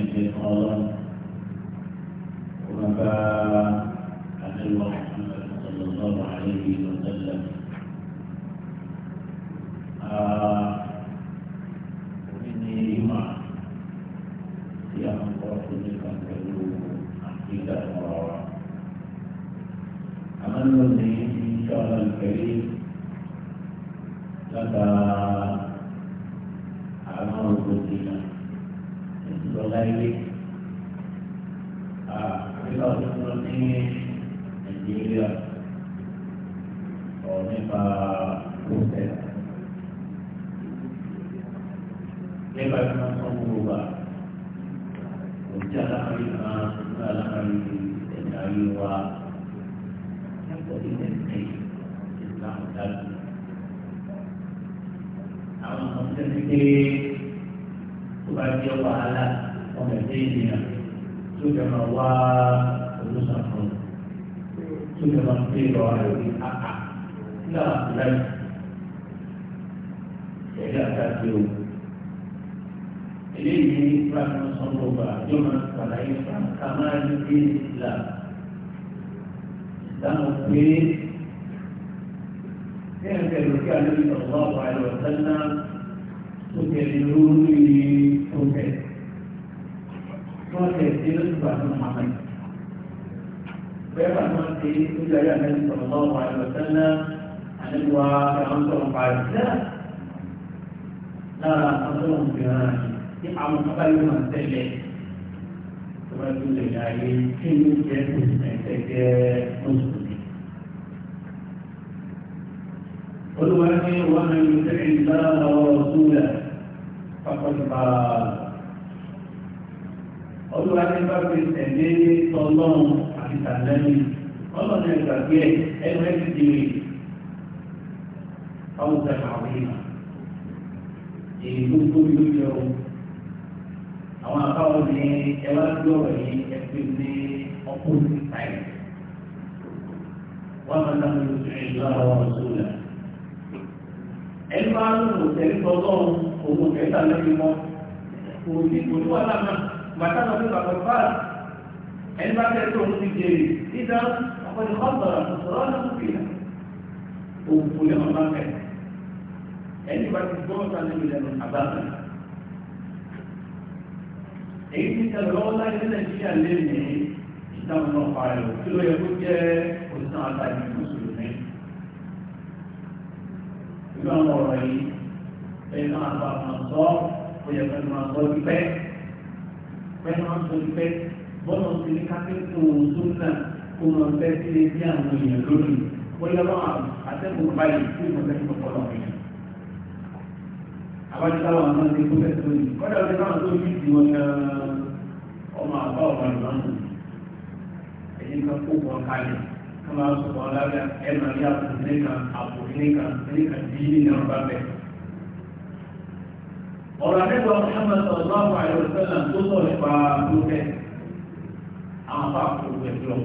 الشيطان ومبا عن محمد صلى الله عليه وسلم nípa tí wọ́n sọ fún wa kò tí alámọ̀rí kan ní alámọ̀rí ẹ̀dá ayé wa ẹ̀kọ́ ilẹ̀ tẹ̀ ìsìlámù dájú. àwọn kan tẹ́ ti pé tó bá jẹ́ wàhálà ọmọ ẹ̀dá ènìyàn tó jẹ́ máa wá olùsàfún tó jẹ́ máa pé lọ rẹ̀ ní àkà nígbà láti ẹ̀dá àtàkì eléyìí fúlàní sọ̀rọ̀ ọba yóò máa ṣàlàyé ká máa ní pé ìlà ìdáhùn pé ní ẹ̀ka ìròkè àlejò ìtọ̀wọ́ àwọn àìlọ́ sẹ́nà tó tẹ̀lé lórí tó tẹ̀. Wọ́n tẹ̀ sí lóṣù àti Mùhàmmad. Bẹ́ẹ̀ bá wọ́n ti lójú ayé àlejò ìtọ̀wọ́ àwọn àìlọ́ sẹ́nà àlejò àwọn sọ̀rọ̀ pàṣẹ. Lára àwọn tó ń fi hàn yìí tí àwọn bàbá yìí máa tẹ̀lé bàbá tó lè ayé kí ní jẹ́ ẹ̀sẹ̀ jẹ́ mùsùlùmí. olùwà ní wọn ní ìtẹ̀lé ìdáná ọ̀rọ̀ súnlẹ̀ pápákọ̀ olùwà ní bá fi tẹ̀lé tọ́lọ́run àti tàlẹ́yìn ọlọ́run ẹ̀gbàgbé ẹ̀ ẹ̀rọ ẹ̀ ti di ọ̀hún tẹ̀lé àwọn ìlànà èyí tó tóbi ló jẹun àwọn àbáwọn ní ẹwà lọ́wọ́ yìí ẹgbẹ́ ní ọkùnrin táyì wọ́n máa dáná ní oṣù ìlú àwọn ọ̀ṣun rẹ̀. ẹni máa ń lò tẹ̀lé tọ́lọ́run òun kẹta lórí mọ́ òun ní kò ní wọ́n lànà bàtà lọ sí bàbá fáà ẹni bá tẹ̀lé òun ti jèrè dídá ọkọ̀dé kọ́ńtọ̀rọ̀ sọ̀rọ̀ náà fi hàn òun kò lè ọ̀nà kẹ̀ ẹni bá ti gbọ́ èyí tí tẹ̀lé lọ́wọ́ láti ní nàìjíríà lè ní ìdáhùn náà parẹ́ o kí ló yẹ kó jẹ́ òṣìṣẹ́ àtàkì mùsùlùmí. ìlú àwọn ọ̀rọ̀ yìí bẹ́ẹ̀ náà àgbà máa sọ ó yẹ pẹ̀lú máa sọ pípẹ́ pẹ̀lú máa sọ pípẹ́ bọ́ọ̀lù ti ní kápẹ́tù sóńdà kó máa fẹ́ sí ilé bí àwọn èèyàn lónìí ó yẹ lọ́wọ́ àtẹ́kùn báyìí fún ìmọ̀tẹ́kùn ọ̀pọ̀lọpọ̀ wọ́n sáwọn ọmọ ti kú fẹ́ẹ́ tóbi kọ́dà ọdún náà tó bí ti wọn ọmọ àbá ọmọ ìlànà ẹ̀yìn kan kó wọn kalẹ̀ kí wọ́n sọ wọn lábẹ́ ẹ̀mọ ní àpòlù nìkan àpòlù nìkan nìkan bí ní Muhammad sallallahu alaihi wasallam tó sọ nípa lókẹ́ àwọn bá kó wẹ̀ lọ.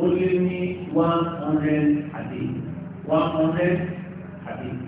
ó lé ní one hundred àdé one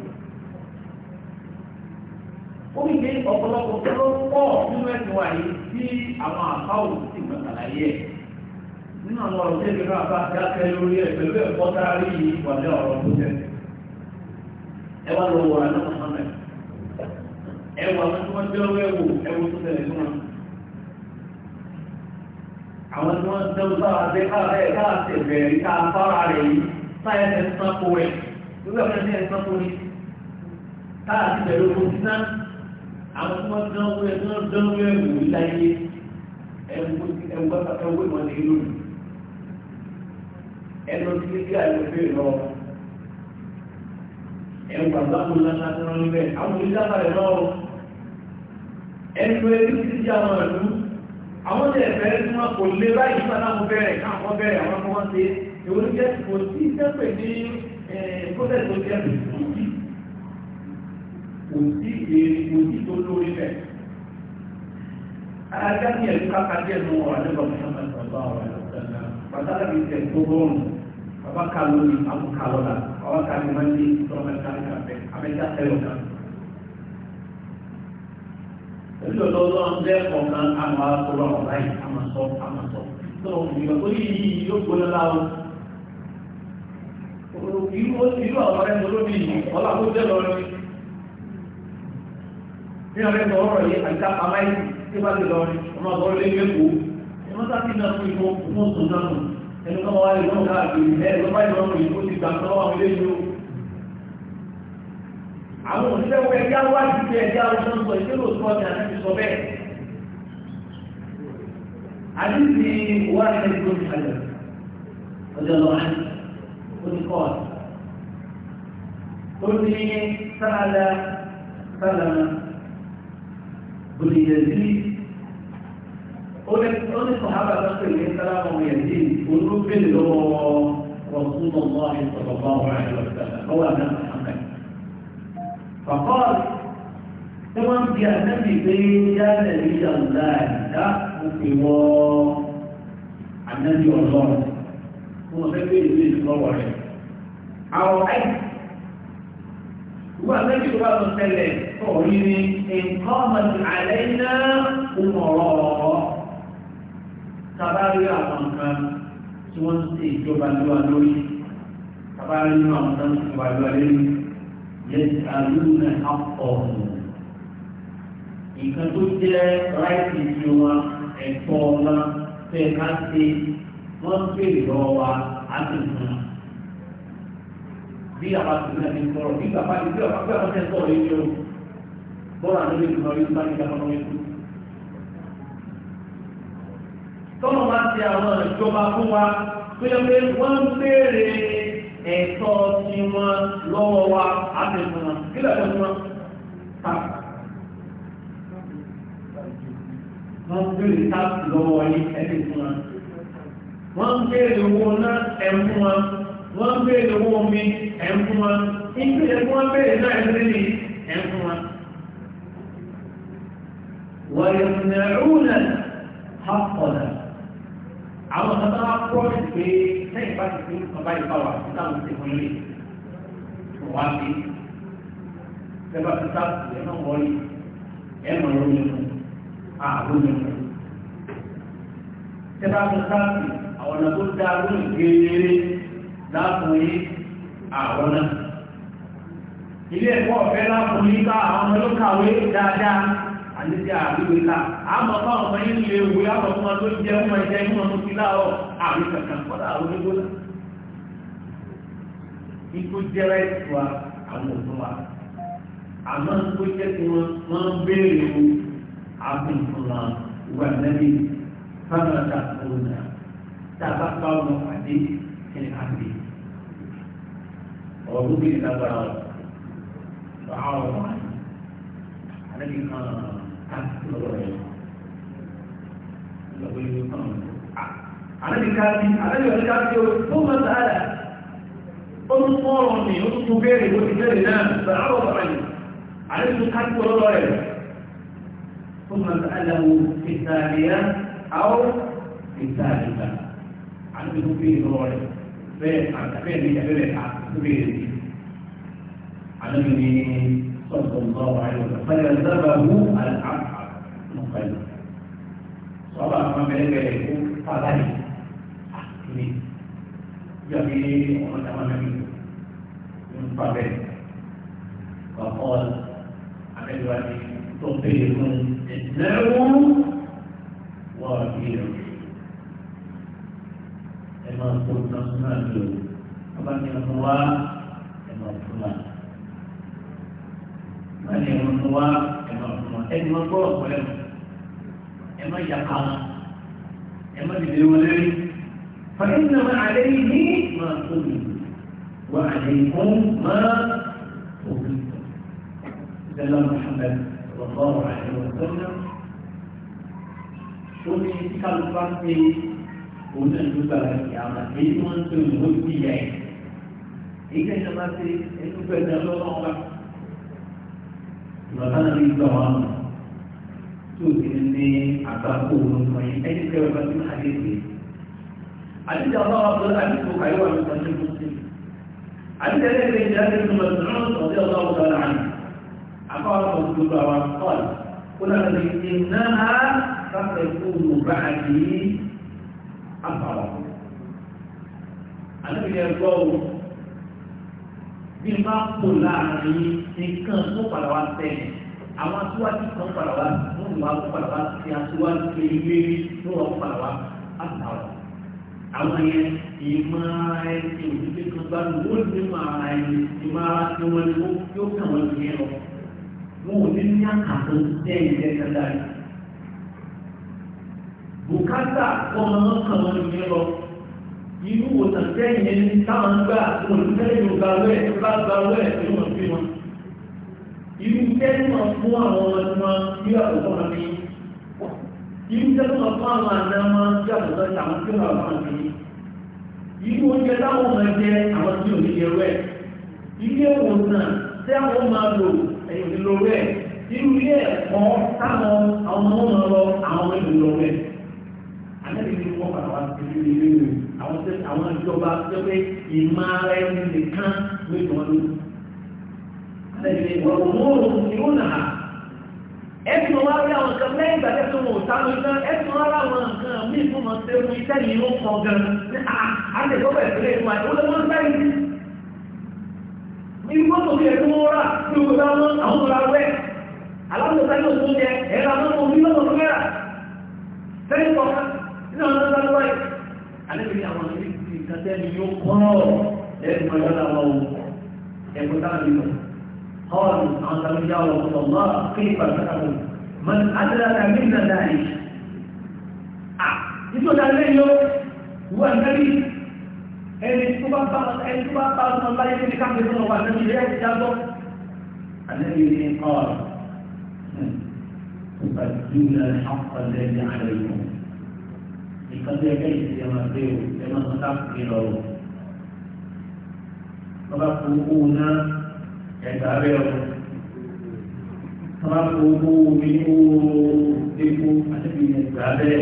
ó ní pé ọ̀pọ̀lọpọ̀ tó ló pọ̀ nínú ẹ̀sìn wa yìí tí àwọn àbáwò sì gbà kàlàyé ẹ̀ nínú àwọn ọ̀rọ̀ tí èdè náà bá dákẹ́ lórí ẹ̀ pẹ̀lú ẹ̀kọ́ dárí ìwàlẹ̀ ọ̀rọ̀ tó tẹ̀ ẹ wá lọ wọ̀rọ̀ náà mọ́mọ́ ẹ wà wọn tí wọ́n dẹ́wọ́ ẹ̀wò ẹ̀wò tó tẹ̀lé fún wọn àwọn tí wọ́n dẹ́wọ́ sára dé káàrà ẹ̀ káàtẹ̀ bẹ̀rẹ̀ ká fara rẹ̀ yìí táyà ẹ̀ sápò rẹ̀ lórí ọ̀pẹ̀lẹ̀ ẹ̀ sápò rẹ̀ káàtì bẹ̀rẹ̀ ogun sísáà àwọn tí wọ́n dánwó ẹ̀ tí wọ́n dánwó ẹ̀ wò ní láyé ẹ̀wọ́ ìwọ̀n ní ìlú ẹnu tí kí àìlọ́fẹ́ lọ ẹ̀wọ̀ àgbàmù lánàá tí wọ́n níbẹ̀ àwọn onídàbà rẹ̀ lọ́wọ́ ẹnu ẹni tí ti àwọn ìlú àwọn tí ẹ̀fẹ́ tí wọ́n kò lé báyìí fún àwọn bẹ̀rẹ̀ káwọn bẹ̀rẹ̀ àwọn ọmọ wọn ṣe ìwọ́n jẹ́ kò sí sẹ́pẹ̀ ní protest tó jẹ́ kò sí èrè kò sí tó lórí bẹ̀. Alájá ní ẹ̀lú káka díẹ̀ mú ọ̀rọ̀ nígbà mú ọmọ ìgbàgbọ́ ọ̀rọ̀ ìgbàgbọ́. Bàtàlá mi tẹ̀ tó bọ́ọ̀rùn. Bàbá ka lórí àbúkà lọ́la. Bàbá ka ní máa ń dé ìtọ́mọ ìgbàgbọ́ abẹ́. Abẹ́já tẹ̀lé ọ̀gá. Èmi ò lọ lọ́n bẹ́ẹ̀ kọ̀ọ̀kan àmọ́ àkọlọ́ ọ̀rá yìí àmọ́ sọ àmọ́ sọ. Tó ìgbà ọ̀rẹ́ mi ọlá tó jẹ́ lọ́rẹ́ bí wọn fẹ́ sọ ọ̀rọ̀ yìí àyíká pàmáyì tí wọn ti lọ ọmọ ọ̀rọ̀ lé lẹkọọ ẹ mọ sáà ti nà fún ìfọ fún oṣù náà nù ẹnu kọ́ wọn lè lọ́wọ́ káàkiri ẹ lọ́wọ́ báyìí lọ́wọ́ yìí ó ti gbà tó àwọn ilé yìí ó. àwọn òṣìṣẹ́ wọ ẹgbẹ́ àwọn àṣìṣe ẹgbẹ́ àwọn ọ̀ṣọ́ ń sọ ìṣẹ́ ló sọ ọ̀sẹ̀ àti sọ bẹ́ẹ̀. àdìsí wà ní ẹni tó ti kalẹ̀ ọjọ́ lọ́wọ́ ó ti kọ́ ọ̀sẹ̀. ó ní sálà sálà náà. بن يزيد قول الصحابة بس اللي السلام يزيد قلوب اللي رسول الله صلى الله عليه وسلم هو أنا محمد فقال تمام يا نبي بين يا نبي الله لا مكوا عن نبي الله هو نبي إيه الله عليه أو ṣùgbọ́n àtẹ́kì tó bá lọ tẹ́lẹ̀ ọ̀rí ni nǹkan àlẹ́ iná ọmọọ̀rọ̀ tàbárí àwọn nǹkan tí wọ́n ń ṣe ìjọba lọ́wọ́ lórí tàbárí nínú àwọn nǹkan tí wọ́n lọ́wọ́ lórí yẹn àlùmọ̀ àpọ̀ọ̀mù nǹkan tó jẹ́ ráìtì tí wọn ẹ̀tọ́ ọ̀la fẹ́ẹ́ ká ṣe wọ́n ń béèrè lọ́wọ́ wa á sì fún un bí àwọn àtúntò ti ń sọ̀rọ̀ bí bàbá yìí bí àwọn àtúntò náà sọ̀rọ̀ yìí o bọ́ọ̀lù àti olóògbé náà yóò bá ní ìdáná wọn kú. tọ́lọ̀ máa ti àwọn ìjọba fún wa tó pé wọ́n ń béèrè ẹ̀tọ́ tí wọ́n lọ́wọ́ wa àtẹ̀fún wọn kí lẹ́tọ̀ tí wọ́n wọ́n ń béèrè táàpù lọ́wọ́ yìí ẹ̀tẹ̀fún wọn. wọ́n ń béèrè owó náà ẹ̀mú wọn. wọ́n ń béèrè owó mi ẹ̀ ń fún wọn nígbà ẹ̀ fún wọn bẹ́ẹ̀ náà ẹ̀ lórí ni ẹ̀ ń fún wọn. wọ̀nyẹ̀ mẹ̀rúnà hàpọ̀nà àwọn kan náà pọ́ọ̀sì pé sẹ́yìn bá ti fi àwọn ọ̀nà tó dáa lórí gẹ́gẹ́rẹ́ láàbù àwọn náà ilé ẹ̀kọ́ ọ̀fẹ́ láàfún ní ká àwọn ọmọ olókàwé dáadáa àti àbíwé ká àmọ́ fáwọn ọmọ yìí lè wé àwọn ọmọ tó jẹ́ ọmọ ẹ̀jẹ̀ ìmọ̀ tó fi láàrọ̀ àrí kankan kọ́lá àwọn onígbóná ikú jẹ́rẹ́ ìtura àwọn òfin wa àmọ́ tó jẹ́ وضوء الأبرار فعارض عنه الذي كان الذي كان الذي كان ثم سأل انصرني انصبري وإذا نام فعرض عنه عليه حتى رضايا ثم سأله في الثانية أو في الثالثة عن ذنوبه رضايا فين عن تفين لي أبي كبير على صلى الله عليه وسلم فيلزمه العبد مقيم صلاة ما بين بينكم فغني أحكمي جميل ومتى من فغني فقال على الوالي تطيق النعم وفيه لما كنا سمعته فالرواة المرحومة من الرواة المرحومة أي مرحومة ولم إما يقع إما بالولد فإن فإنما عليه ما قلت وعليكم ما قلت سلام محمد صلى الله عليه وسلم قل إن كان فاتي قلنا نبقى في عمل إيمان تنهد بيعين èyí tẹ́ ìjọba ṣe ẹnu bẹ́ẹ̀ ní ọlọ́run wa ìgbà táwọn ní gbà wọn mọ̀ tó ti ní àgbákò orúkọ yìí ẹni tẹ́ ọba tí máa dé dé àdìjà ọlọ́wọ́ tó àdìgbò káyọ̀ àti ìtọ́jú tó ṣe àdìjà ẹlẹ́gbẹ̀ẹ́ ìjà ẹgbẹ̀ẹ́ tó lọ sí ọ̀rọ̀ ọ̀dẹ́ ọlọ́wọ́ tó láàrín àkọ́wọ́ tó gbogbo àwọn kọ́ọ̀lù kó náà lè ṣe náà sáfẹ́ kúrò bá àdìyí àbàwọ̀ àdìjà ẹgbọ́ bí bá kó láàrin nǹkan tó padà wá sẹ́yìn àwọn aṣíwájú kan padà wá fún ìwà tó padà wá sí aṣíwájú ilé tó wọ́n padà wá àtàwọn. àwọn yẹn ìmọ̀ ẹni òṣìṣẹ́ kan bá lò ó lè mọ ara ẹni ìmọ̀ ara tí wọ́n lè yóò kàn wọ́n lè yẹn lọ. wọn ò ní ní àkàtọ̀ sẹ́yìn lẹ́sẹ̀ dáa. bùkátà kọ́ ọ̀nà kan wọ́n lè yẹn lọ irú òtàn tẹ́yìn ẹni táwọn gbà wọn ò wẹ̀ bá gba wẹ̀ tó wọ́n fi wọn. irú tẹ́lẹ̀ wọn fún àwọn ọmọ tí wọn bí àkókò wọn fi irú tẹ́lẹ̀ wọn fún àwọn àna wọn bí àkókò wọn tàwọn tí wọn wọn fi irú oúnjẹ táwọn ọmọ jẹ àwọn tí ò yẹ wẹ̀ ilé ìwòsàn tí àwọn máa lò ẹ̀yìn ìlò rẹ̀ irú ilé ẹ̀kọ́ táwọn àwọn ọmọ lọ àwọn ọmọ ìlò rẹ̀. Àlẹ́ mi àwọn ìjọba tó pé ìmọ̀ ara ẹni nìkan ló jọ wọn lójú. Àlejò ìwọ̀n òmùrùn ni ó nà á. Ẹ̀sùn wá rí àwọn nǹkan lẹ́yìn ìgbà tẹ́sí wọn ò sáré náà, ẹ̀sùn wá ráwọn nǹkan mí fún wọn ṣe mú iṣẹ́ yìí ló kàn gan-an. Àtẹ̀kọ́ bẹ̀rẹ̀ sílẹ̀ ìwà ìwọ́n lọ́wọ́ ìgbọ́nà bí ẹ̀kún ọ́rá tí ó gbọ́dá wọn àwọn ọ̀rá wẹ́ aláwọ̀sá yóò tún jẹ ẹ̀rọ àwọn ọmọ orílẹ̀-èdè mẹ́ra tẹ́lẹ̀ kọ̀ọ̀kan nínú àwọn ọ̀rá wẹ́ alẹ́bí ní àwọn ìlú ti kàtẹ́ ni yóò kọ́ lẹ́yìn mọ́ yọ́dá wọn o ẹ̀kọ́ táwọn ìlú kọ́ọ̀lù àwọn tàbí yá wọn sọ mọ́ kí ní pàtàkì àwọn mọ́ adúláta mí nà dáì à nítorí alẹ́ yóò wọ ẹ̀kẹ́bí ẹni tó bá bá ẹni tó bá bá ọmọ báyé ní káfíń tó wà lẹ́yìn rẹ̀ ti dábọ̀ alẹ́bí ní nǹkan tó yẹ kẹ́yìn ti ẹ máa gbé o ẹ máa tó sáfìdí lọ o. bàbá kó owó náà ẹ̀gbá rẹ̀ o. bàbá kó owó mi owó epo àti ẹ̀gbá rẹ̀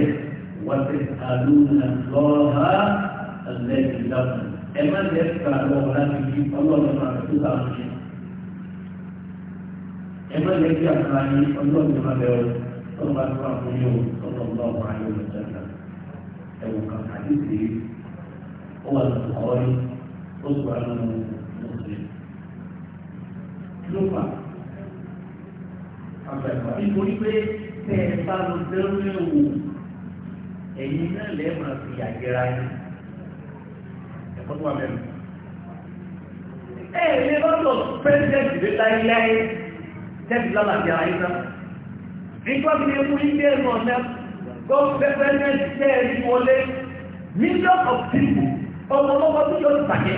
wọ́n ti àlùna lọ́ha alẹ́ ìlànà. ẹ má lè ka lọ́wọ́ láti fi ọlọ́run máa tó bá wọn ṣe. ẹ má lè kí àkàrà yín ọlọ́run máa bẹ̀rù ọlọ́run máa tó bá ọlọ́run máa wà yóò lọ́jà náà ẹ̀wù kan àti ìdílé ó wà lọ́sùn ọ̀rí ó sì wà lọ́nà mùsùlùmí. ló fà àgbàgbà nítorí pé tẹ ẹ bá lọ dẹ́rẹ́ wò ẹ̀yin náà lẹ́ẹ̀ máa fi àjẹrà yín ẹ̀kọ́ tó wà mẹ́rin. ẹ lè bá lọ pẹ́ńtẹ́ẹ̀tì lé láyé láyé tẹ́ẹ̀tì lálàbí ara yín náà. nígbà tí mo ń bẹ́ẹ̀ lọ náà those preferences jẹ́ ẹni wọlé millions of people ọmọlọ́wọ́ tó yọ ìbàjẹ́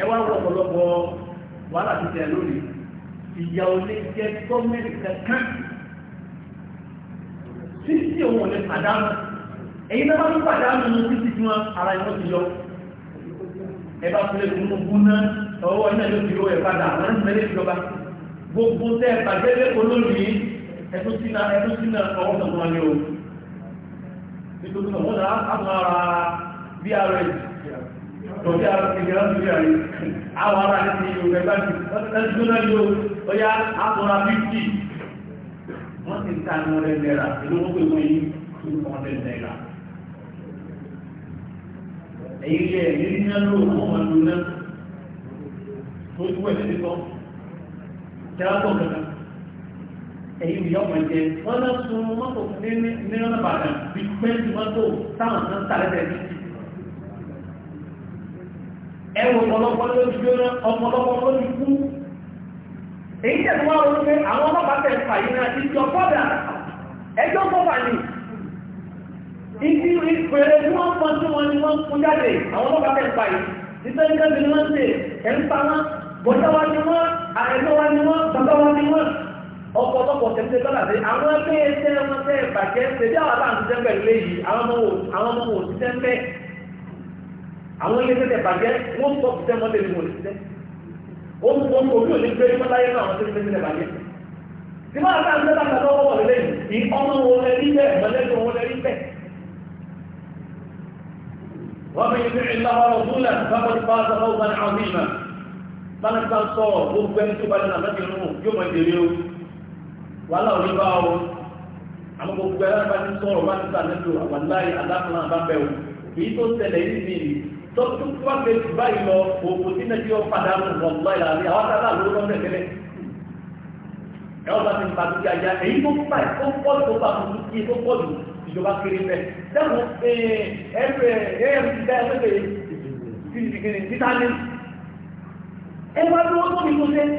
ẹ wá wọ ọ̀pọ̀lọpọ̀ wàhálà ti tẹ̀ lónìí ìyá olè jẹ́ gọ́ọ̀mẹ̀ntì kankan títí òun ò lè pàdánù èyí náà bá ń pàdánù ní títí tí wọn ara ìwọ́n ti yọ ẹ bá fi lè fún un gún náà ọwọ́ iná yóò fi yọ ẹ̀ padà àwọn ẹ̀sìn mẹ́lẹ̀ ìjọba gbogbo tẹ́ ẹ̀ bàjẹ́ lẹ́kọ̀ọ́ lónìí ẹ̀tún sínà ẹ̀tún sínà ọwọ́ tọ̀tọ̀ ní o nítorí náà wọ́n náà á tún ara bí ara ẹ̀ tọ̀ bí ara ti gẹ̀rẹ́ lórí àrí àwọn ará ti yorùbá ẹgbẹ́ ti ẹ̀tún sínà ní o ó yá àkọ́ra fífì wọ́n ti ta ní ọ̀rẹ́ náírà ìlú wọ́n pè wọ́n yìí tún ọ̀rẹ́ náírà èyí lé ẹ̀yí tó wẹ̀ nítorí tẹ́lá tó ẹ̀yìn ìyá ọmọ ẹ̀jẹ̀ wọ́n lọ sun mọ́tò ní ọ̀nà bàtàn bí pẹ́ẹ́ntì mọ́tò táwọn kan sàlẹ̀ tẹ̀lé sí. ẹ wo ọ̀pọ̀lọpọ̀ lójú gbóná ọ̀pọ̀lọpọ̀ lójú kú. èyí tẹ̀sí wá wọn pé àwọn ọlọ́pàá tẹ̀ fà yín náà ti jọ kọ́dà ẹjọ́ kọ́fà ni. ibi ni wọ́n kú jáde àwọn ọlọ́pàá tẹ̀ fà yín ni wọ́n ṣe ẹ̀ ń pa wọn bọ́dá wa ni wọ́n àrẹ̀lọ́wà ni wọ́n bàbá wa ni ọ̀pọ̀lọpọ̀ tẹ̀lé tọ́lá sí àwọn ẹgbẹ́ ẹsẹ̀ wọn tẹ́ bàjẹ́ tẹ̀lé àwọn àbá àtúntẹ́ pẹ̀lú léyìí àwọn ọmọ wò ti àwọn ilé tẹ̀ bàjẹ́ wọ́n sọ ti tẹ́ mọ́tẹ́ ní wò ti tẹ́ òní gbé mọ́tà yẹn náà wọ́n tẹ́ tẹ́ tí wọ́n àtà ń tẹ́lá wàhálà òní bá o àwọn gbogbo ẹ̀rọ bá ti sọ̀rọ̀ bá ti sà nílò àwọn láyé adáfúnà bá bẹ̀ o èyí tó tẹ̀lé yìí ni tó tó bá gbé báyìí lọ òkú tí nàìjíríà padà nù wọn báyìí láàrin àwọn tá a láàrin ló lọ́sẹ̀ tẹ́lẹ̀ ẹ̀rọ bá ti ń pàtó kíájá èyí tó pa ẹ̀ tó pọ̀ tó pa tó kí tó pọ̀ jù ìjọba kiri fẹ́ dẹ́kun ẹ̀ẹ́dẹ̀ ẹ̀ẹ́dẹ̀ ẹ̀ẹ́dẹ̀ ẹ̀ẹ́dẹ̀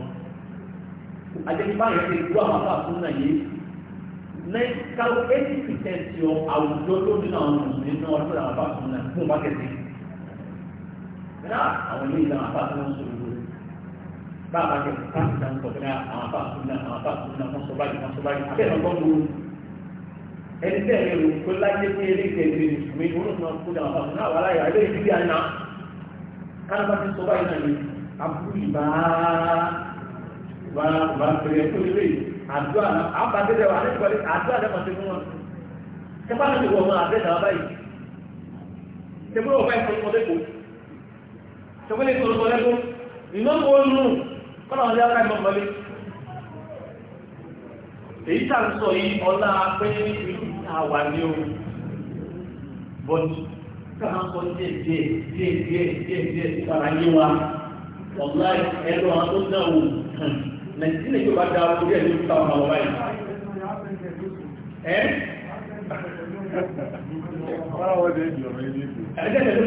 àjẹsíbá yẹn ti gbọ́ àwọn àbá fún náà yìí ní káwọ eighty percent yọ àwùjọ tó nínú àwọn mùsùlùmí náà ọdún àwọn àbá fún náà fún bákẹ́tì náà àwọn ilé ìlànà àbá fún náà sọ̀rọ̀ lórí bá a bá jẹ káàkiri náà sọ̀rọ̀ náà àwọn àbá fún náà àwọn àbá fún náà wọ́n sọ báyìí wọ́n sọ báyìí abẹ́rẹ́ ọgbọ́n ló ẹni tẹ́ ẹ̀rọ kó láyé pé eré ìtẹ̀lé mùsùlùmí olóòtú náà kó dà àwọn àbá fún náà wà láyà ilé ìdílé àná kálábà ti sọ báyìí náà ni abúlé bá wà wà pèrè fún ilé àdúrà náà àwọn bàbá dẹ̀ wà ní ìkọ́lé àdúrà dẹ̀ máa ṣe fún wọn. ṣẹ́fà náà ti wọ̀ wọn àbẹ́ ìdáwà báyìí. ṣẹ́fà wọ̀ báyìí fún ọdẹ́kọ̀. ṣẹ́fà lè sọ̀rọ̀ sọ̀rọ̀ ẹ̀kọ́. ìná wo nù kọ́nà ọ̀dẹ́ ara ẹ̀mọ́ mọ́lé. èyí tá à ń sọ yìí ọlá pé ìlú ìta wà o. bọ́dù káà ń sọ díẹ̀ díẹ̀ díẹ̀ díẹ̀ díẹ̀ díẹ̀ nàìjíríà yóò bá da orí ẹ̀ ní ìta ọmọ ọba yìí. ẹ ẹ̀jẹ̀ tẹ̀lé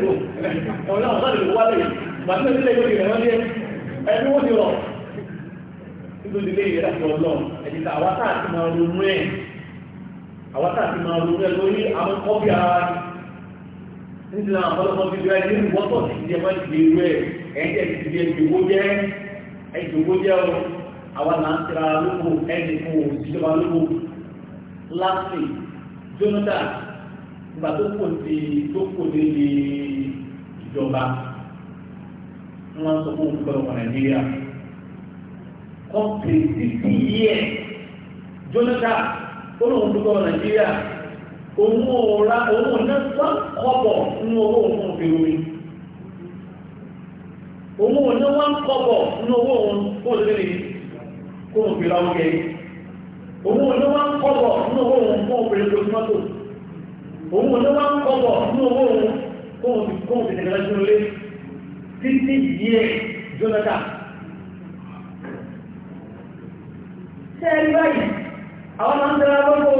bò ọ̀nà ọ̀sán lè wá lè màtí ìdílé yóò yẹ̀ wọ́n yẹ ẹbí wọ́n ti rọ̀ nítorí ilé yẹn láti ọlọ́ ẹ̀jẹ̀ tí àwa tá àti máa ronú ẹ̀ àwa tá àti máa ronú ẹ̀ lórí àwọn kọ́bí ara nítorí àwọn ọ̀pọ̀lọpọ̀ bíbí ẹ̀ ní ìwọ́tọ̀ sí ìdí ẹ̀ máa ń gbèrú ẹ̀ ẹ̀jẹ̀ ti di ẹ̀jẹ̀ gbogbo jẹ́ ẹ̀jẹ̀ gbogbo jẹ́ ọ̀rọ̀ àwọn là tira lóko ẹnì kò ìjọba lóko láti Jonathan nígbà tó kò ní tó kò ní ní ìjọba wọn sọ fún olùkọ́ ọmọ Nàìjíríà kọ́ńtì títí Jonathan ó lóun olùkọ́ ọmọ Nàìjíríà òun ò ra òun ò ná sọ kọ́bọ̀ nínú owó òun kóhùn fi ra oúnjẹ òun ló wá ń kọ́bọ̀ nínú owó òun kóhùn fi lójú mọ́tò òun ló wá ń kọ́bọ̀ nínú owó òun kóhùn fi kóhùn fi é báyìí àwọn máa ń tẹ́lá lọ́wọ́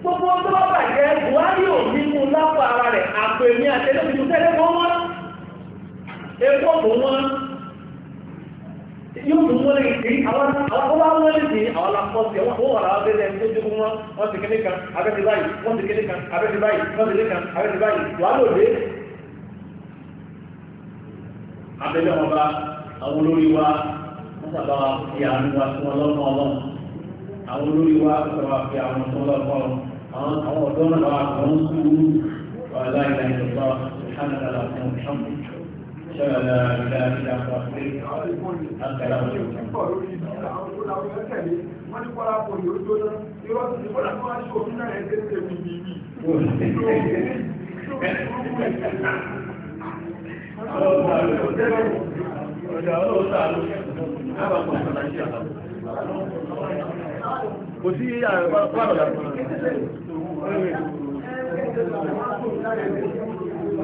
gbogbo tó bá bàjẹ́ Buhari ò nínú lápò ara rẹ̀ àpò èmi àtẹ́lẹ́bìtú tẹ́lẹ́ mọ́ wọn epo kò yóò tún wọlé ìdí àwọn àwọn àwọn wọlé ìdí àwọn alákọ̀ọ́sì àwọn àwọn wàrà abẹ́rẹ́ ẹni tó jogún wọn wọ́n ti kéde kan abẹ́rẹ́ báyìí wọ́n ti kéde kan abẹ́rẹ́ báyìí wọ́n ti kéde kan abẹ́rẹ́ báyìí wàá lò dé. abẹ́rẹ́ wọn bá àwọn olórí wa wọ́n sábà fi àánú wa fún ọlọ́run ọlọ́run àwọn olórí wa sábà fi àwọn tó lọ́kọ́ àwọn ọ̀dọ́ náà wà fún sùúrù wà láì láì lọ́kọ́ لا إله إلا أنت أستغفرك أنت لا kò sí àrùn pàrọ̀ yàtọ̀